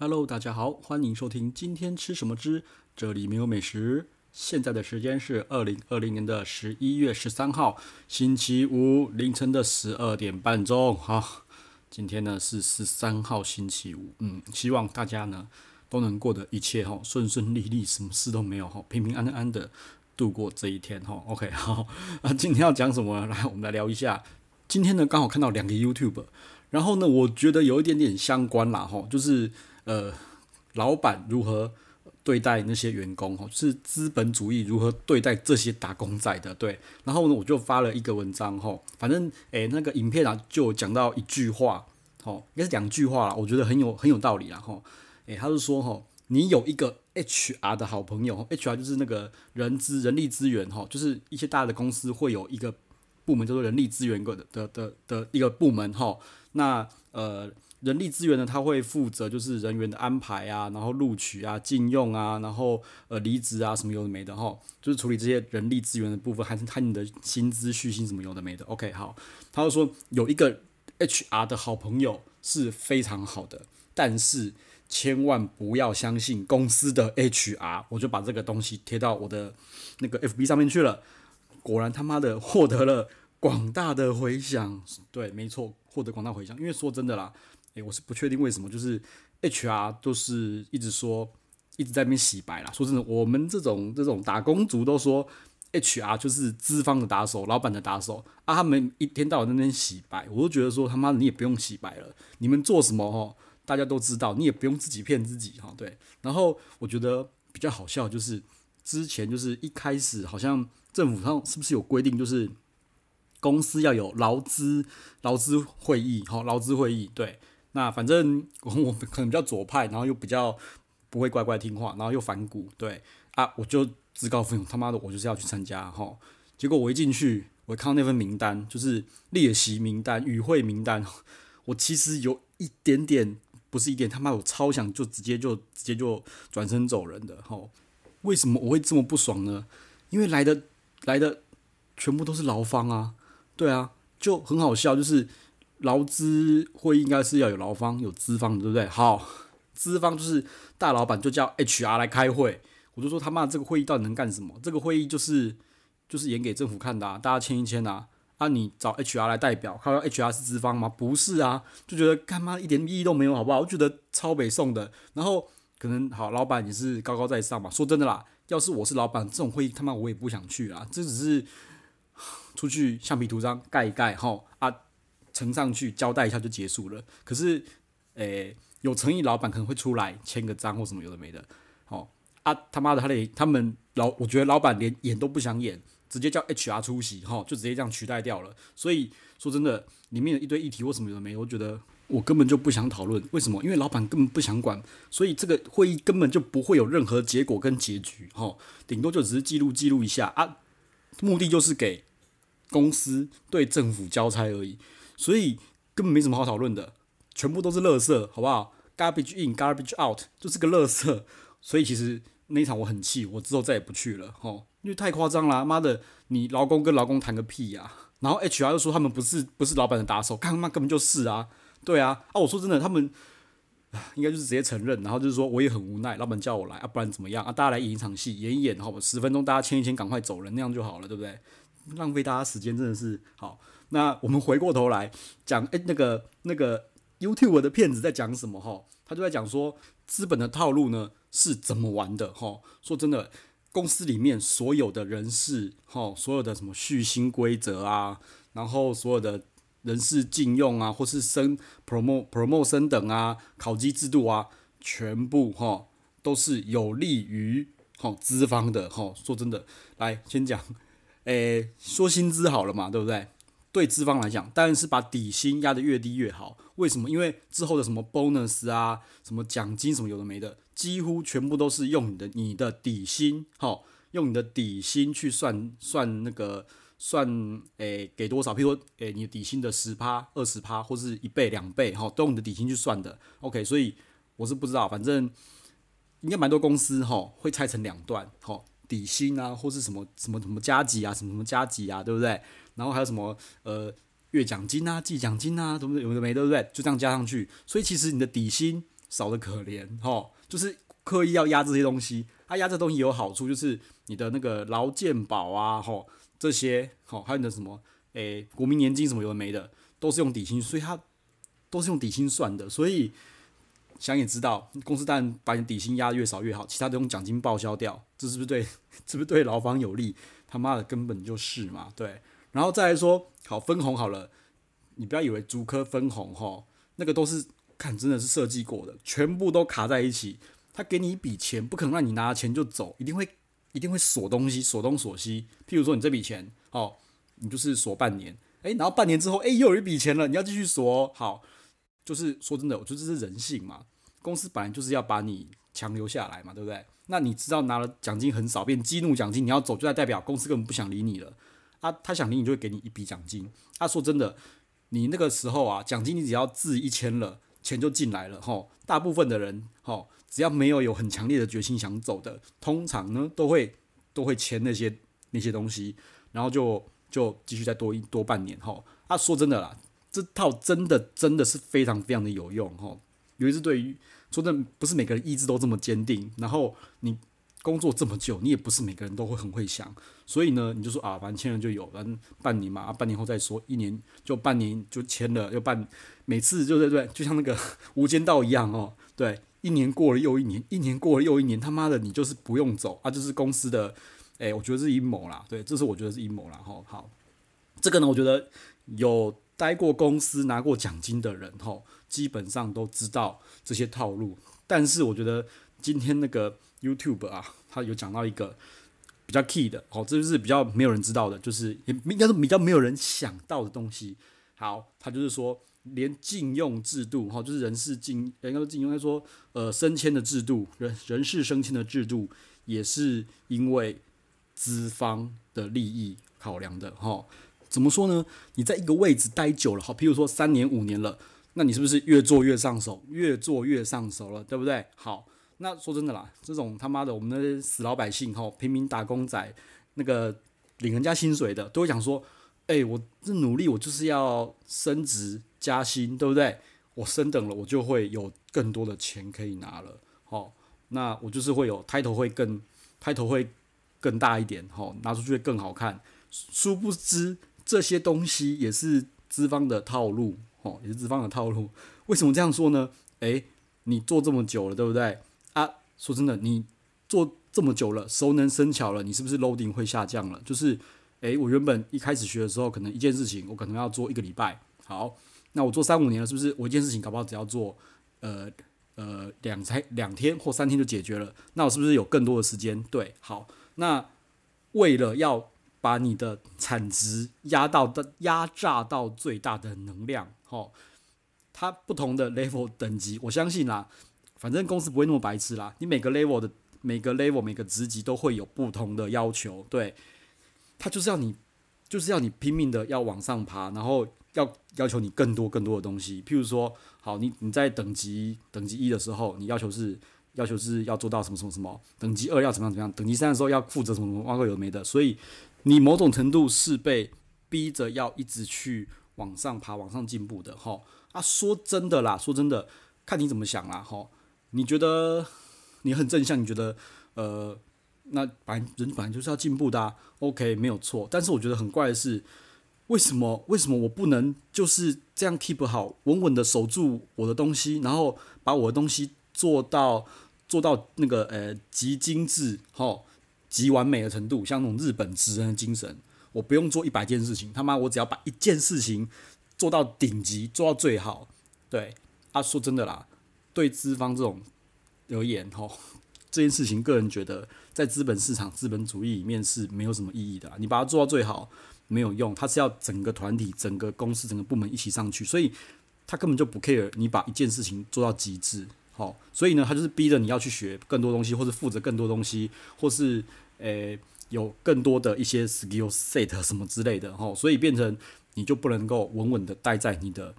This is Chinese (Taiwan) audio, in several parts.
Hello，大家好，歡迎收聽今天吃什麼之這裡沒有美食。現在的時間是二零二零年的十一月十三號，星期五凌晨的十二點半鐘。哈，今天呢是十三號星期五，嗯，希望大家呢都能過得一切哈順順利利，什麼事都沒有哈平平安安的度過這一天哈。OK，好，啊，今天要講什麼呢？來，我們來聊一下。今天呢剛好看到兩個 YouTuber，然後呢我覺得有一點點相關啦哈，就是。呃，老闆如何對待那些員工、就是資本主義如何對待這些打工仔的？對，然後呢，我就發了一個文章哈，反正誒、欸，那個影片啊，就講到一句話，哈，應該是兩句話啦，我覺得很有很有道理啦哈。誒、欸，他就說哈，你有一個 HR 的好朋友，HR 就是那個人資人力資源哈，就是一些大的公司會有一個部門叫做、就是、人力資源的的的的的一個部門哈。那呃。人力資源呢，他會負責就是人員的安排啊，然後錄取啊、禁用啊，然後呃離職啊什麼有的沒的哈，就是處理這些人力資源的部分，還是看你的薪資、續薪什麼有的沒的。OK，好，他就說有一個 HR 的好朋友是非常好的，但是千萬不要相信公司的 HR。我就把這個東西貼到我的那個 FB 上面去了，果然他媽的獲得了廣大的回響。對，沒錯，獲得廣大回響，因為說真的啦。我是不確定為什麼，就是 HR 都是一直說一直在那邊洗白啦。說真的，我們這種這種打工族都說 HR 就是資方的打手，老板的打手啊。他們一天到晚在那邊洗白，我就覺得說他媽的你也不用洗白了，你們做什麼哦？大家都知道，你也不用自己騙自己哈。對，然後我覺得比較好笑就是之前就是一開始好像政府上是不是有規定，就是公司要有勞資勞資會議哈，勞資會議對。那反正我可能比較左派，然後又比較不會乖乖聽話，然後又反骨，對啊，我就自告奮勇，他媽的，我就是要去參加吼，結果我一進去，我看到那份名單，就是列席名單、與會名單，我其實有一點點，不是一點，他媽我超想就直接就直接就轉身走人的吼，為什麼我會這麼不爽呢？因為來的來的全部都是勞方啊，對啊，就很好笑，就是。勞資會議應該是要有勞方，有資方，對不對？好，資方就是大老闆，就叫 HR 來開會。我就說他媽這個會議到底能幹什麼？這個會議就是就是演給政府看的，啊，大家簽一簽啊。啊，你找 HR 來代表，靠，HR 是資方嗎？不是啊，就覺得幹嘛一點意義都沒有，好不好？我覺得超北宋的。然後可能好，老闆也是高高在上嘛。說真的啦，要是我是老闆，這種會議他媽我也不想去啊。這只是出去橡皮圖章蓋一蓋，後啊。呈上去交代一下就結束了。可是，誒、欸，有誠意老板可能會出來簽個章或什麼有的沒的。好、哦、啊，他媽的，他得他們老，我覺得老板連演都不想演，直接叫 HR 出席哈、哦，就直接這樣取代掉了。所以說真的，裡面的一堆議題或什麼有的沒，我覺得我根本就不想討論。為什麼？因為老板根本不想管，所以這個會議根本就不會有任何結果跟結局哈、哦，頂多就只是記錄記錄一下啊，目的就是給公司對政府交差而已。所以根本沒什麼好討論的，全部都是垃圾，好不好？Garbage in, garbage out，就是個垃圾。所以其實那一場我很氣，我之後再也不去了。齁，因為太誇張啦。媽的！你勞工跟勞工談個屁呀，啊！然後 HR 又說他們不是不是老闆的打手，幹他媽根本就是啊，對啊。啊，我說真的，他們啊，應該就是直接承認，然後就是說我也很無奈，老闆叫我來，啊，不然怎麼樣啊？大家來演一場戲，演一演，好，十分鐘大家簽一簽，趕快走人，那樣就好了，對不對？浪費大家時間真的是好。那我們回過頭來講，誒、欸，那個那個 YouTube 的片子在講什麼？哈、哦，他就在講說，資本的套路呢是怎麼玩的？哈、哦，說真的，公司裡面所有的人事，哈、哦，所有的什麼敘薪規則啊，然後所有的人事禁用啊，或是升 promote, promote 升 promote promotion 等啊，考績制度啊，全部哈、哦、都是有利於好資方的。哈、哦，說真的，來先講。誒、欸，說薪資好了嘛，對不對？對資方來講，當然是把底薪壓得越低越好。為什麼？因為之後的什麼 bonus 啊，什麼獎金，什麼有的沒的，幾乎全部都是用你的你的底薪，哈、哦，用你的底薪去算算那個算誒、欸、給多少。譬如說，誒、欸，你底薪的十趴、二十趴，或是一倍、兩倍，哈、哦，都用你的底薪去算的。OK，所以我是不知道，反正應該蠻多公司哈、哦、會拆成兩段，哈、哦。底薪啊，或是什麼什麼什麼加給啊，什麼什麼加給啊，對不對？然後還有什麼呃月獎金啊、季獎金啊，什麼有的沒對不對？就這樣加上去，所以其實你的底薪少得可憐，吼、哦，就是刻意要壓這些東西。他、啊、壓這東西有好處，就是你的那個勞健保啊，吼、哦、這些，吼、哦、還有你的什麼誒國民年金什麼有的沒的，都是用底薪，所以他都是用底薪算的，所以。想也知道，公司當然把你底薪壓越少越好，其他的用獎金報銷掉，這是不是對？是不是對老闆有利？他媽的根本就是嘛，對。然後再來說，好分紅好了，你不要以為主科分紅哈、哦，那個都是看真的是設計過的，全部都卡在一起。他給你一筆錢，不可能讓你拿錢就走，一定會一定會鎖東西，鎖東鎖西。譬如說你這筆錢，哦，你就是鎖半年，誒，然後半年之後，誒，又有一筆錢了，你要繼續鎖、哦，好。就是說真的，我覺得這是人性嘛。公司本來就是要把你強留下來嘛，對不對？那你知道拿了獎金很少，變激怒獎金，你要走，就代表公司根本不想理你了。啊，他想理你，就會給你一筆獎金。他、啊、說真的，你那個時候啊，獎金你只要字一簽了，錢就進來了哈、哦。大部分的人哈、哦，只要沒有有很強烈的決心想走的，通常呢都會都會簽那些那些東西，然後就就繼續再多多半年哈、哦。啊，說真的啦。這套真的真的是非常非常的有用哦，尤其是對於說，那不是每個人意志都這麼堅定，然後你工作這麼久，你也不是每個人都會很會想，所以呢，你就說啊，反正簽了就有，反正半年嘛、啊，半年後再說，一年就半年就簽了，又半每次就對對，就像那個無間道一樣哦，對，一年過了又一年，一年過了又一年，他媽的你就是不用走啊，就是公司的，哎，我覺得是陰謀啦，對，這是我覺得是陰謀啦，哈，好，這個呢，我覺得有。待過公司拿過獎金的人、哦、基本上都知道這些套路。但是我覺得今天那個 YouTube 啊，他有講到一個比較 key 的哦，這就是比較沒有人知道的，就是也應該是比較沒有人想到的東西。好，他就是說，連禁用制度哈、哦，就是人事禁，應該說禁用，應該說，呃，升遷的制度，人人事升遷的制度，也是因為資方的利益考量的哈、哦。怎麼說呢？你在一個位置待久了，好，譬如說三年五年了，那你是不是越做越上手，越做越上手了，對不對？好，那說真的啦，這種他媽的，我們那些死老百姓吼、哦，平民打工仔，那個領人家薪水的，都會講說，哎、欸，我這努力，我就是要升職加薪，對不對？我升等了，我就會有更多的錢可以拿了，好、哦，那我就是會有抬頭會更抬頭會更大一點，好、哦，拿出去更好看。殊不知。這些東西也是資方的套路哦，也是資方的套路。為什麼這樣說呢？誒，你做這麼久了，對不對？啊，說真的，你做這麼久了，熟能生巧了，你是不是 loading 會下降了？就是，誒，我原本一開始學的時候，可能一件事情我可能要做一個禮拜。好，那我做三五年了，是不是我一件事情搞不好只要做呃呃兩才兩天或三天就解決了？那我是不是有更多的時間？對，好，那為了要。把你的產值壓到的壓榨到最大的能量，哈、哦，它不同的 level 等級，我相信啦，反正公司不會那麼白痴啦。你每個 level 的每個 level 每個職級都會有不同的要求，對，它就是要你就是要你拼命的要往上爬，然後要要求你更多更多的東西。譬如說，好，你你在等級等級一的時候，你要求是要求是要做到什麼什麼什麼，等級二要怎麼樣怎麼樣，等級三的時候要負責什麼什麼挖過有的沒的，所以。你某種程度是被逼着要一直去往上爬、往上進步的，吼啊！說真的啦，說真的，看你怎麼想啦，吼，你覺得你很正向，你覺得呃，那本來人本來就是要進步的、啊、，OK，沒有錯。但是我覺得很怪的是，為什麼為什麼我不能就是這樣 keep 好、穩穩的守住我的東西，然後把我的東西做到做到那個呃、欸、極精致，吼。極完美的程度，像那種日本職人的精神，我不用做一百件事情，他媽我只要把一件事情做到頂級，做到最好。對，啊說真的啦，對資方這種留言哦、喔，這件事情個人覺得在資本市場資本主義裡面是沒有什麼意義的。你把它做到最好沒有用，他是要整個團體、整個公司、整個部門一起上去，所以他根本就不 care 你把一件事情做到極致。哦，所以呢，他就是逼着你要去學更多東西，或者負責更多東西，或是誒、欸、有更多的一些 skill set 什麼之類的，哦，所以變成你就不能夠穩穩的待在你的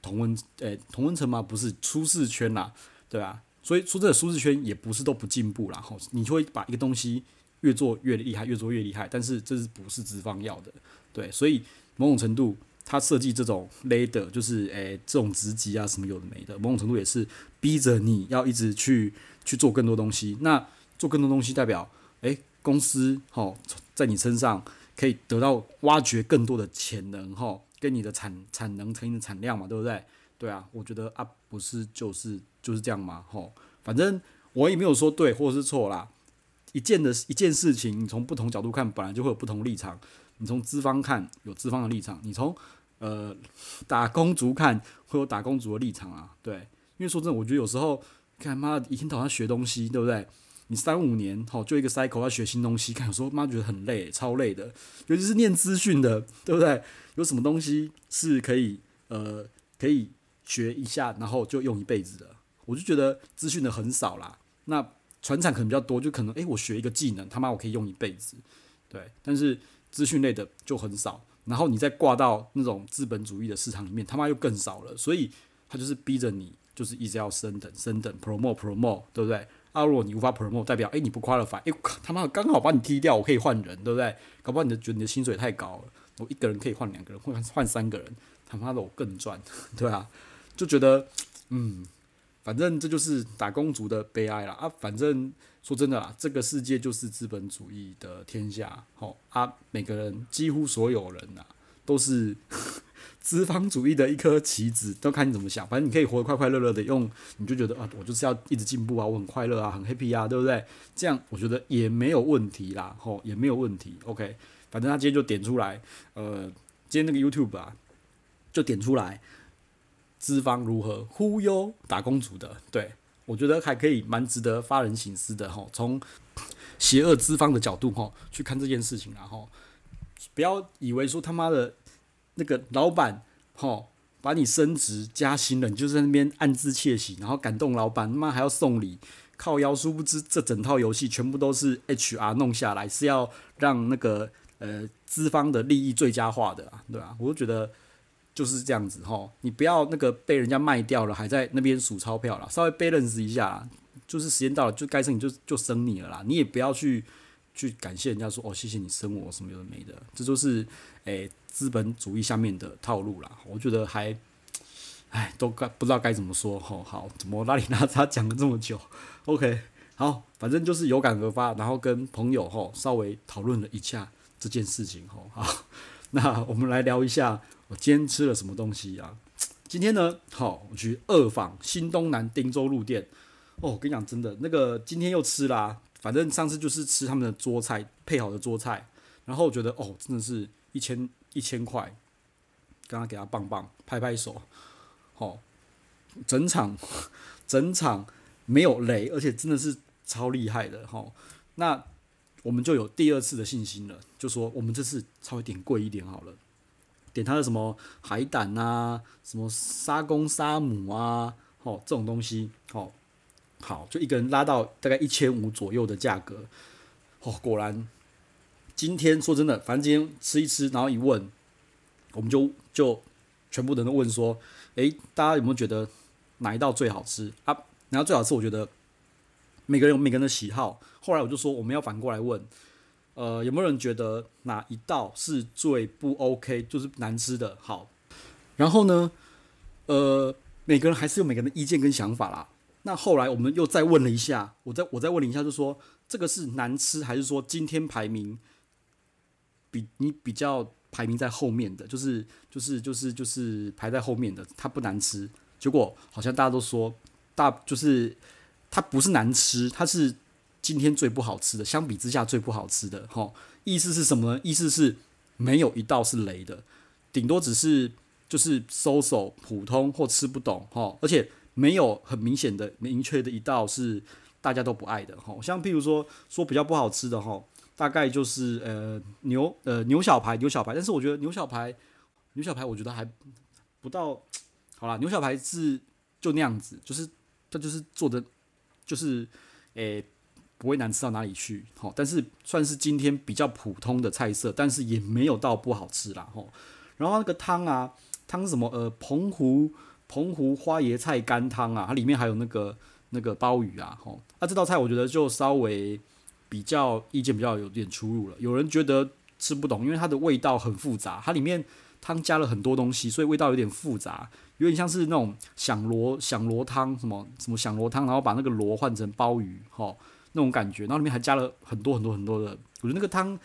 同溫誒、欸、同溫層嗎？不是舒適圈啦，對吧、啊？所以說這個舒適圈也不是都不進步啦，吼、哦，你就會把一個東西越做越厲害，越做越厲害，但是這是不是資方要的？對，所以某種程度。他設計這種 leader，就是誒，這種職級啊，什麼有的沒的，某種程度也是逼着你要一直去去做更多東西。那做更多東西，代表誒，公司哈在你身上可以得到挖掘更多的潛能哈，跟你的產產能、成品的產量嘛，對不對？對啊，我覺得啊，不是就是就是這樣嘛，哈。反正我也沒有說對或者是錯啦，一件的一件事情，你從不同角度看，本來就會有不同立場。你從資方看有資方的立場，你從呃打工族看會有打工族的立場啊，對，因為說真的，我覺得有時候看媽一天到晚學東西，對不對？你三五年好就一個 cycle 要學新東西，看有時候媽覺得很累，超累的，尤其是念資訊的，對不對？有什麼東西是可以呃可以學一下，然後就用一輩子的，我就覺得資訊的很少啦。那傳產可能比較多，就可能哎、欸，我學一個技能，他媽我可以用一輩子，對，但是。資訊類的就很少，然後你再掛到那種資本主義的市場裡面，他媽又更少了，所以他就是逼着你，就是一直要升等，升等，promote，promote，promote，對不對？啊，如果你無法 promote，代表哎你不 qualify，誒我靠，他媽剛好把你踢掉，我可以換人，對不對？搞不好你就覺得你的薪水太高了，我一個人可以換兩個人，換換三個人，他媽的我更賺，對吧，啊？就覺得，嗯，反正這就是打工族的悲哀了啊，反正。說真的啊，這個世界就是資本主義的天下，好啊，每個人幾乎所有人吶、啊，都是資方主義的一顆棋子，都看你怎麼想，反正你可以活得快快樂樂的用，用你就覺得啊，我就是要一直進步啊，我很快樂啊，很 happy 啊，對不對？這樣我覺得也沒有問題啦，吼，也沒有問題，OK，反正他今天就點出來，呃，今天那個 YouTube 啊，就點出來，資方如何忽悠打工族的，對。我覺得還可以，蠻值得發人省思的哈。從邪惡資方的角度哈，去看這件事情，然後不要以為說他媽的那個老闆哈，把你升職加薪了，你就是在那邊暗自竊喜，然後感動老闆，他媽還要送禮，靠腰，殊不知這整套遊戲全部都是 HR 弄下來，是要讓那個呃資方的利益最佳化的，對吧、啊？我覺得。就是這樣子吼，你不要那個被人家賣掉了，還在那邊數鈔票啦。稍微 balance 一下，就是時間到了，就該生你就就生你了啦。你也不要去去感謝人家說哦，謝謝你生我什麼有的沒的，這就是誒資本主義下面的套路啦。我覺得還，哎，都該不知道該怎麼說吼。好，怎麼邋裡邋遢講了這麼久？OK，好，反正就是有感而發，然後跟朋友吼稍微討論了一下這件事情吼。好，那我們來聊一下。今天吃了什麼東西啊？今天呢，好、哦，我去二訪新東南汀州路店。哦，我跟你講真的，那個今天又吃啦、啊。反正上次就是吃他們的桌菜，配好的桌菜，然後我覺得哦，真的是一千一千塊。剛剛給他棒棒拍拍手，好、哦，整場整場沒有雷，而且真的是超厲害的。好、哦，那我們就有第二次的信心了，就說我們這次稍微點貴一點好了。點他的什麼海膽啊，什麼沙公沙母啊，哦，這種東西，好、哦，好，就一個人拉到大概一千五左右的價格，哦，果然，今天說真的，反正今天吃一吃，然後一問，我們就就全部人都問說，誒、欸，大家有沒有覺得哪一道最好吃啊？然後最好吃，我覺得每個人有每個人的喜好，後來我就說我們要反過來問。呃，有沒有人覺得哪一道是最不 OK，就是難吃的好？然後呢，呃，每個人還是有每個人的意見跟想法啦。那後來我們又再問了一下，我再我再問了一下就是，就說這個是難吃，還是說今天排名比你比較排名在後面的，就是就是就是就是排在後面的，它不難吃。結果好像大家都說大，就是它不是難吃，它是。今天最不好吃的，相比之下最不好吃的，哈，意思是什麼呢？意思是沒有一道是雷的，頂多只是就是 so so 普通或吃不懂，哈，而且沒有很明顯的明確的一道是大家都不愛的，哈，像譬如說說比較不好吃的，哈，大概就是呃牛呃牛小排牛小排，但是我覺得牛小排牛小排我覺得還不到，好啦，牛小排是就那樣子，就是它就是做的就是誒。欸不會難吃到哪裡去，吼！但是算是今天比較普通的菜色，但是也沒有到不好吃啦。吼。然後那個湯啊，湯是什麼呃，澎湖澎湖花椰菜乾湯啊，它裡面還有那個那個鮑魚啊，吼、啊。那這道菜我覺得就稍微比較意見比較有點出入了，有人覺得吃不懂，因為它的味道很複雜，它裡面湯加了很多東西，所以味道有點複雜，有點像是那種響螺響螺湯什麼什麼響螺湯，然後把那個螺換成鮑魚，吼、哦。那種感覺，然後裡面還加了很多很多很多的，我覺得那個湯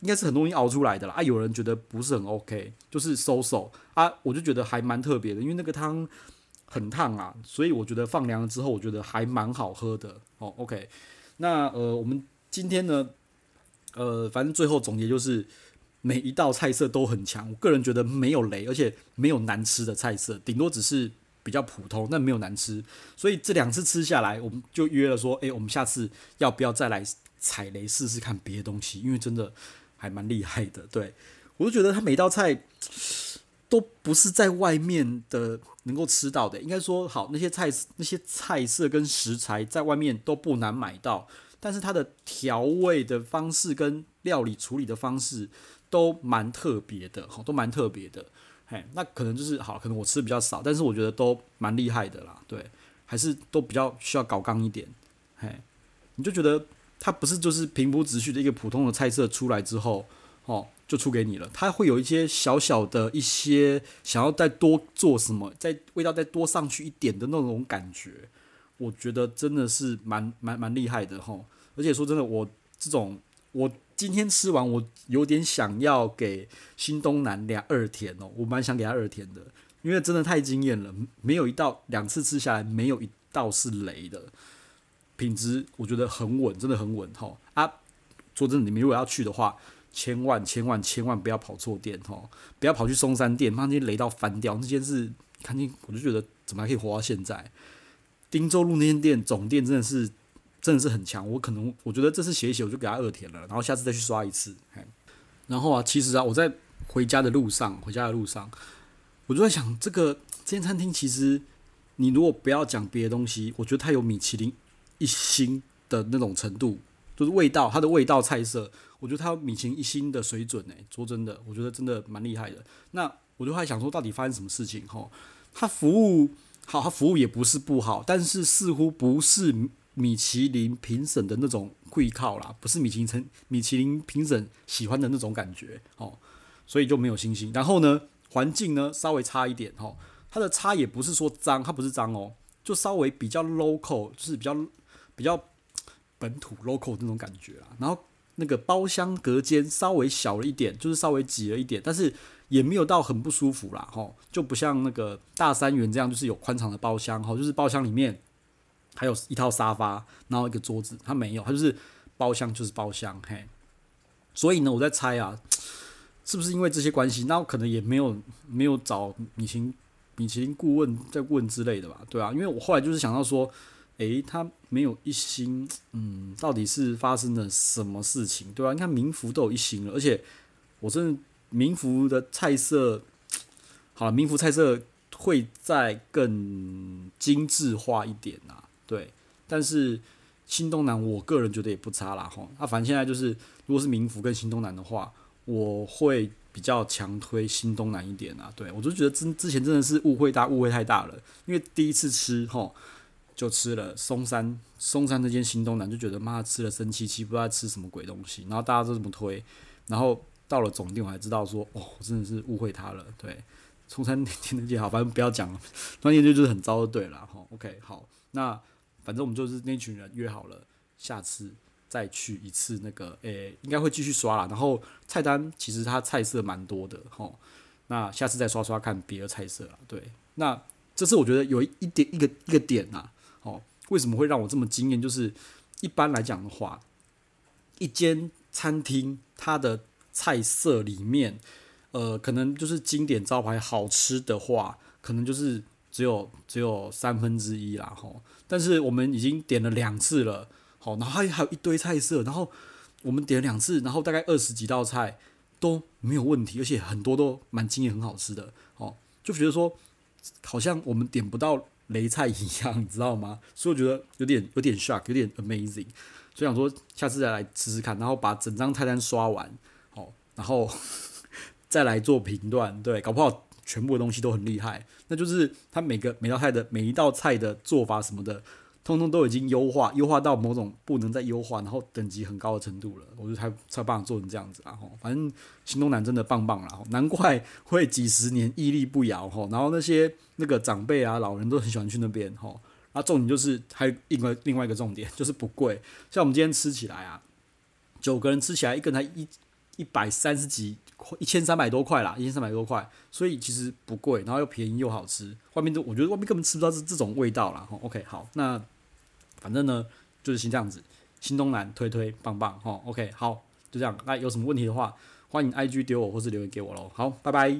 應該是很多東西熬出來的啦。啊。有人覺得不是很 OK，就是 so-so，啊，我就覺得還蠻特別的，因為那個湯很燙啊，所以我覺得放涼了之後，我覺得還蠻好喝的。哦，OK，那呃，我們今天呢，呃，反正最後總結就是每一道菜色都很強，我個人覺得沒有雷，而且沒有難吃的菜色，頂多只是。比較普通，但沒有難吃，所以這兩次吃下來，我們就約了說，哎、欸，我們下次要不要再來踩雷試試看別的東西？因為真的還蠻厲害的，對，我就覺得他每道菜都不是在外面的能夠吃到的。應該說，好，那些菜那些菜色跟食材在外面都不難買到，但是它的調味的方式跟料理處理的方式都蠻特別的，好，都蠻特別的。哎，那可能就是好，可能我吃的比較少，但是我覺得都蠻厲害的啦。對，還是都比較需要搞剛一點。嘿，你就覺得它不是就是平鋪直敘的一個普通的菜色出來之後，哦，就出給你了，它會有一些小小的一些想要再多做什麼，再味道再多上去一點的那種感覺。我覺得真的是蠻蠻蠻厲害的吼，而且說真的，我這種我。今天吃完，我有點想要給新東南兩二天哦，我蠻想給他二天的，因為真的太驚豔了，沒有一道兩次吃下來沒有一道是雷的，品質我覺得很穩，真的很穩吼啊，說真的，你們如果要去的話，千萬千萬千萬不要跑錯店吼、喔，不要跑去松山店，那些雷到翻掉，那件是，肯定我就覺得怎麼還可以活到現在。汀州路那間店總店真的是。真的是很強，我可能我覺得這次寫一寫我就給他二填了，然後下次再去刷一次。嘿，然後啊，其實啊，我在回家的路上，回家的路上，我就在想，這個這間餐廳其實，你如果不要講別的東西，我覺得它有米其林一星的那種程度，就是味道，它的味道菜色，我覺得它有米其林一星的水準，誒，說真的，我覺得真的蠻厲害的。那我就在想說，到底發生什麼事情？吼，他服務好，他服務也不是不好，但是似乎不是。米其林評審的那種貴靠啦，不是米其林，米其林評審喜歡的那種感覺哦、喔，所以就沒有信心。然後呢，環境呢稍微差一點哦、喔，它的差也不是說髒，它不是髒哦，就稍微比較 local，就是比較比較本土 local 那種感覺啦。然後那個包廂隔間稍微小了一點，就是稍微擠了一點，但是也沒有到很不舒服啦，吼，就不像那個大三元這樣，就是有寬敞的包廂，吼，就是包廂裡面還有一套沙發，然後一個桌子，它沒有，它就是包廂就是包廂，嘿。所以呢，我在猜啊，是不是因為這些關係？那我可能也沒有沒有找米其林米其林顧問在問之類的吧，對啊。因為我後來就是想到說，誒，它沒有一星，嗯，到底是發生了什麼事情，對吧、啊？你看明福都有一星了，而且我真的明福的菜色，好、啊，了，明福菜色會再更精緻化一點啊。對，但是新東南，我個人覺得也不差啦，吼。那反正現在就是，如果是民福跟新東南的話，我會比較強推新東南一點啊。對我就覺得之之前真的是誤會大，誤會太大了。因為第一次吃，哈、哦，就吃了松山松山那間新東南，就覺得媽吃了生氣氣，不知道吃什麼鬼東西。然後大家都這麼推，然後到了總店，我還知道說，哦，我真的是誤會他了。對，松山得見，好，反正不要講了，關鍵就就是很糟的，對了，哈。OK，好，那。反正我們就是那群人約好了，下次再去一次那個，誒、欸，應該會繼續刷啦。然後菜單其實它菜色蠻多的，哦。那下次再刷刷看別的菜色啦。對，那這次我覺得有一點一個一個點啦，啊。哦，為什麼會讓我這麼驚艷？就是一般來講的話，一間餐廳它的菜色裡面，呃，可能就是經典招牌好吃的話，可能就是。只有只有三分之一啦，吼！但是我們已經點了兩次了，好，然後還有一堆菜色，然後我們點兩次，然後大概二十幾道菜都沒有問題，而且很多都蠻驚艷、很好吃的，哦，就覺得說好像我們點不到雷菜一樣，你知道嗎？所以我覺得有點有點 shock，有點 amazing，所以想說下次再來試試看，然後把整張菜單刷完，好，然後再來做評斷，對，搞不好。全部的東西都很厲害，那就是他每個每道菜的每一道菜的做法什麼的，通通都已經優化優化到某種不能再優化，然後等級很高的程度了。我就才才把它做成這樣子啊！哈，反正新東南真的棒棒了，難怪會幾十年屹立不搖哈。然後那些那個長輩啊、老人都很喜歡去那邊哈。那、啊、重點就是還有一個另外一個重點就是不貴，像我們今天吃起來啊，九個人吃起來一個人才一，一百三十幾塊，一千三百多塊啦，一千三百多塊，所以其實不貴，然後又便宜又好吃，外面都我覺得外面根本吃不到這這種味道啦。吼，OK，好，那反正呢就是先這樣子，新東南推推棒棒，吼，OK，好，就這樣，那有什麼問題的話，歡迎 IG 丟我或是留言給我嘍，好，拜拜。